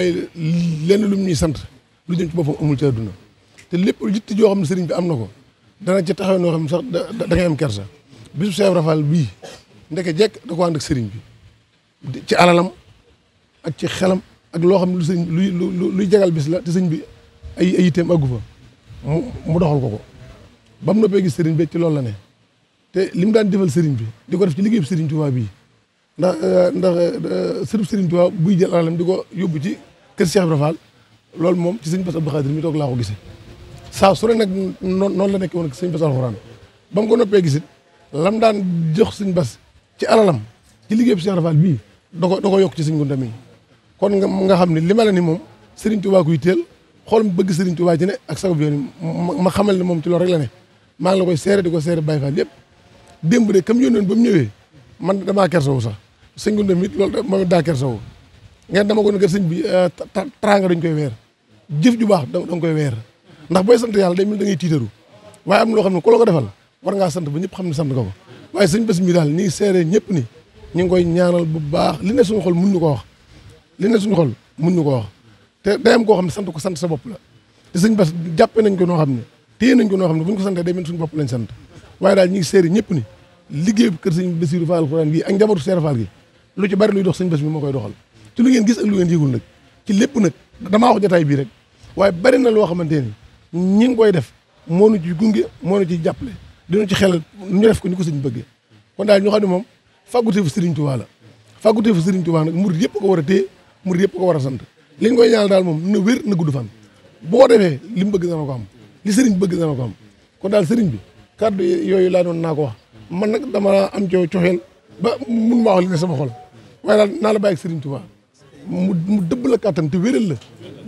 waaye lenn lu ñuy sant lu jëm ci boppam amul ci àdduna te lépp yitt joo xam ne sëriñ bi am na ko dana ci taxaw noo xam ne sax da ngay am kersa bisu Cheikh Rafal bii ndeke jekk da ko ànd sëriñ bi ci alalam ak ci xelam ak loo xam ne lu luy luy jagal bis bi ay ay yitteem àggu fa mu doxal ko ko ba mu noppee gis sëriñ bi ci loolu la ne te li daan defal sëriñ bi di ko def ci liggéeyu sëriñ Tuubaa bi ndax euh, ndax euh, sërib sëriñ Tuubaa buy jël alalam di ko yóbbu ci kër Cheikh Ibra Fall loolu moom ci sëñ Bass Abdou Khadir mi toog laa ko gisee saa su ne nag noonu la nekk woon ak sëñ Bass alxuraan ba mu ko noppee gisit lam daan jox sëñ bas ci alalam ci liggéey bi Cheikh Ibra Fall bii da ko da ko yokk ci sëñ Gunda mi kon nga xam ne li ma la ni moom Serigne Touba kuy teel xool mu bëgg Serigne Touba ci ne ak sago bi yoon ma xamal ne moom ci lool rek la ne maa ngi la koy seere di ko seere Baye Fall yëpp démb de kam yónnoon ba mu ñëwee man damaa kersawu sax sëñ Gunda mi loolu moom it daa kersawu ngeen dama ko ne kër sëñ bi euh, teraanga dañ koy weer jëf ju baax da nga koy weer ndax booy sant yàlla day mel da ngay tiitaru waaye am loo xam ne ku la ko defal war ngaa sant ba ñëpp xam ne sant ko ko waaye sëñ bés mi daal ñu ngi seere ñëpp ni ñu ngi koy ñaanal bu baax li ne suñu mun ñu ko wax li suñu xol mun ñu ko wax te day am koo xam ne sant ko sant sa bopp la te sëñ bés jàppe ko noo xam ne téye ko noo xam ne bu ñu ko santee day mel suñu bopp lañ sant waaye daal ñu seere ñëpp ni liggéey kër sëñ Bassirou Fall Alxuraan gi ak njabootu Seer Fall gi lu ci bari luy dox sëñ bés mi moo koy doxal ci lu ngeen gis ak lu ngeen yëgul nag ci lépp nag damaa wax jotaay bii rek waaye bari na loo xamante ni ñi ngi koy def moo nu ci gunge moo nu ciy jàppale dina ci xelal ñu def ko ni ko sëñ bëggee kon daal ñu xam ne moom fàgguteefu Sëriñ Tuubaa la fàgguteefu Sëriñ Tuubaa nag murid yëpp ko war a téye murid yëpp ko war a sant li ñu koy ñaanal daal moom na wér na gudd fan bu ko defee li mu bëgg dana ko am li sëriñ bëgg dana ko am kon daal sëriñ bi kàddu yooyu laa doon naa ko wax man nag dama am coow coxeel ba mun maa wax li ne sama xol waaye daal naa la bàyyi ak Sëriñ Tuubaa mu mu dëbb la kàttan te wéral la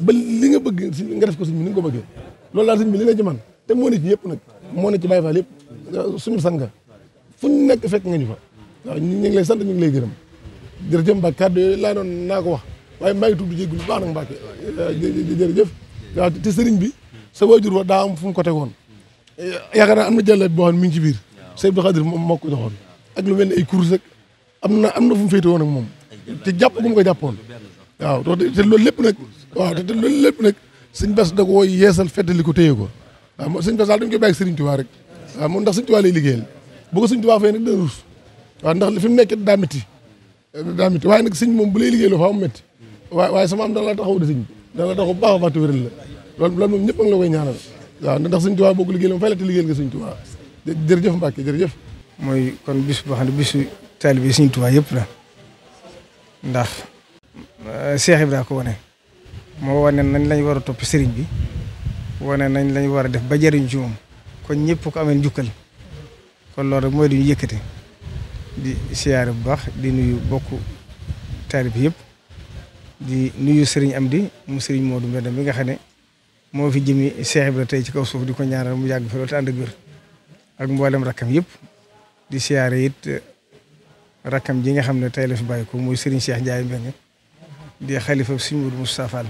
ba li nga bëgg si nga def ko sëñ bi ni ko bëggee loolu daal sëñ bi li nga ci te moo ne ci yëpp nag moo ne ci Baye Fall yëpp suñu sanga fu nekk fekk nga ñu fa waaw ñu ngi lay sant ñu ngi lay gërëm jërëjëf Mbacke kàddu laa doon naa ko wax waaye maa ngi tudd jéggi lu baax nag Mbacke jërëjëf te sëriñ bi sa waajur wa daa am fu mu ko tegoon yaakaar naa am na jàllat boo xam ne mi ci biir Sëñ Abdou Khadir moom moo ko joxoon ak lu mel ne ay course rek am na am na fu mu féete woon ak moom te jàpp gu mu ko jàppoon waaw te loolu lépp nag waaw te lépp nag sëñ bas da ko yeesal feddali ko téye ko waaw sëñ bas daal dañ koy bàyyi sëriñ Tuubaa rek waaw moom ndax sëñ Tuubaa lay liggéeyal bu ko sëñ Tuubaa fay nag dana ruus waaw ndax li fi mu nekk daa métti daa métti waaye moom bu lay liggéeyaloo faa mu métti waaye waaye sama am dana la a baax la loolu loolu moom la koy ñaanal ndax sëñ Tuubaa boo ko liggéeyal fay la te liggéeyal nga sëñ Tuubaa jërëjëf Mbàkke jërëjëf mooy kon bis boo xam ne bisu taalibe sëñ Tuubaa yëpp la ndax Euh, Cheikh Ibrahima ko wone moo wane nañ lañ war a topp sëriñ bi wane nañ lañ war a def ba jariñ ci moom kon ñëpp ko amee njukkal kon loolu rek mooy duñu yëkkate di siyaare bu baax di nuyu bokk taalibe yëpp di nuyu sëriñ am Amdi mu sëriñ Modou Mbenda bi nga xam ne moo fi jëmi Cheikh Ibrahima tey ci kaw suuf di ko ñaanal mu yàgg fi loolu te ànd ak wér ak mboolem rakkam yëpp di siyaare it rakkam ji nga xam ne tey la fi bàyyi ko muy sëriñ Cheikh Ndiaye Mbengue di xalifa sëñ Mourou Moustapha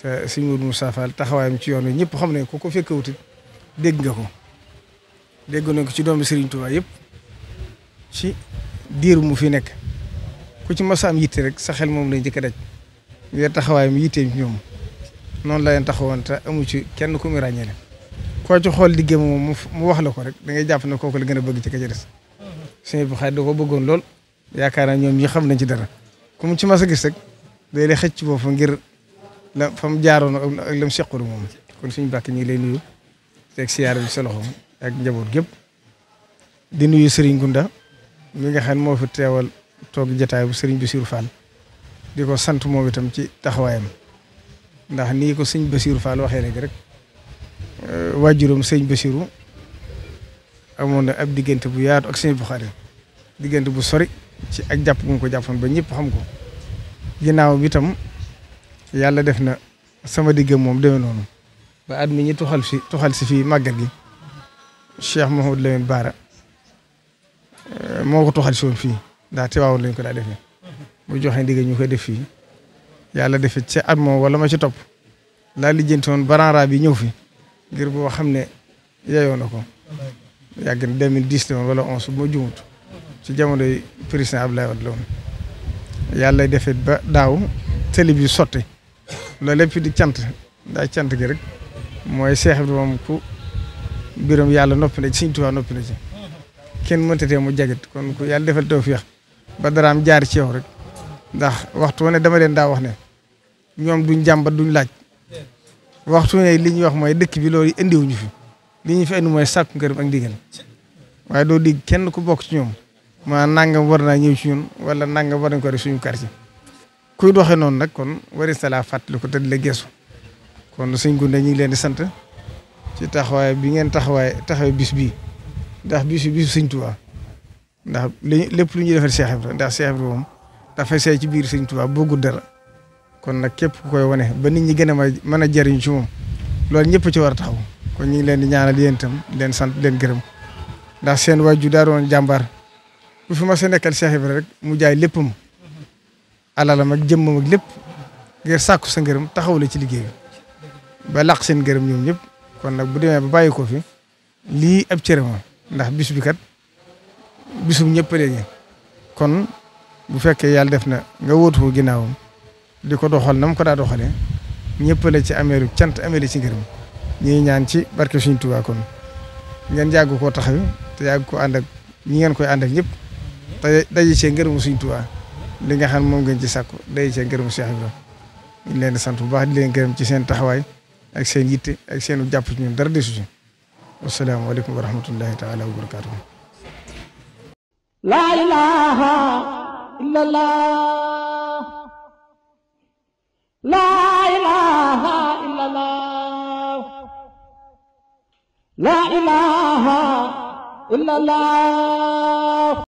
te sëñ Mourou Moustapha taxawaayam ci yoon wi ñëpp xam ne ku ko fekkewutit dégg nga ko dégg na ko ci doomi Serigne Touba yëpp ci diir mu fi nekk ku ci mas a yitte rek sa xel moom lañ jëkk daj ngir taxawaayam yitteem ci ñoom noonu la leen taxawoon ta amu ci kenn ku muy ràññeele koo ci xool liggéey moom mu wax la ko rek da ngay jàpp ne kooku la gën a bëgg ci ka ca des sëñ bi ko bëggoon lool yaakaar naa ñoom ñi xam nañ ci dara ku gis rek. day la xëcc foofu ngir la fa mu jaaroon ak la mu seqalu moom kon suñu bàkk ñi lay nuyu teg siyaare bi sa loxo ak njaboot gépp di nuyu Serigne Gunda mi nga xam ne moo fi teewal toog jataay bu Serigne Bassirou Fall di ko sant moo itam ci taxawaayam ndax ni ko sëñ basiiru Fall waxee léegi rek euh, waajuram sëñ Bassirou amoon na ab diggante bu yaatu ak sëñ Buxaari diggante bu sori ci ak jàpp mu ko jàppoon ba ñëpp xam ko. ginnaaw bi tam yàlla def na sama digg moom demee noonu ba at mi ñi tuxal fi tuxal si fii màggal gi Cheikh Mouhamadou Lamine Bara eh, moo ko tuxal si woon fii ndax teewaawul lañ ko daa defee mu joxe digg ñu koy def fii yàlla defe ca at moom wala ma ci top laa lijjanti woon baranra bi ñëw fi ngir boo xam ne yeyoo na ko yàgg na 2010 la woon wala 11 bu ma jumut ci jamonoy président Abdoulaye Wade la yàlla defit ba daaw tëli bi sotti loolu lépp di cant daa cant gi rek mooy seex bi moom ku biram yàlla noppi na ci Sëñ Tuubaa noppi na ci kenn mëntatee mu jagit kon ku yàlla defal tawfeex ba daraam jaar ci rek ndax waxtu wane dama leen daa wax ne ñoom duñ jàmbat duñ laaj waxtu ne li ñuy wax mooy dëkk bi loolu indiwuñu fi li ñu fi indi mooy sàkku ngërëm ak ndigal waaye doo dig kenn ku bokk ci ñoom maa nangam war naa ñëw ci ñun wala nanga war nañ ko def suñu quartier kuy doxe noonu nag kon war sala fàttali ko te di la geesu kon suñ ñu ngi leen di sant ci taxawaay bi ngeen taxawaay taxawee bis bii ndax bis bi bisu sëñ Tuubaa ndax lépp lu ñuy defal Cheikh Ibrahima ndax Cheikh Ibrahima moom dafa ci biir sëñ Tuubaa bëggul dara kon nag képp ku koy wane ba nit ñi gën a mën a jëriñ ci loolu ñëpp ci war a taxaw kon ñu ngi leen di ñaanal yéen itam leen sant leen gërëm ndax seen waajur daa doon jàmbaar ku fi ma sa nekkal Cheikh Ibra rek mu jaay léppam alalam ak jëmmam ak lépp ngir sàkku sa ngërëm taxaw la ci liggéey ba laq seen ngërëm ñoom ñëpp kon nag bu demee ba bàyyi ko fi lii ab cërëma ndax bis kat bisum ñëpp léegi kon bu fekkee yàlla def na nga wóotu ginnaawam di ko doxal na mu ko daa doxalee ñëpp la ci ameeru cant ameeli ci ngërëm ñuy ñaan ci barke suñu Tuubaa kon ngeen yàgg koo taxaw te yàgg ko ànd ak ñi ngeen koy ànd ak ñëpp. te daje cee ngërëmu Sëriñ Tuubaa li nga xam moom ngeen ci sàkku daje cee ngërëmu Cheikh Ibrahima ñu ngi leen sant bu baax di leen gërëm ci seen taxawaay ak seen yitte ak seen jàpp ci ñun dara desu ci wasalaamaaleykum wa rahmatullahi taala wa barakaatu.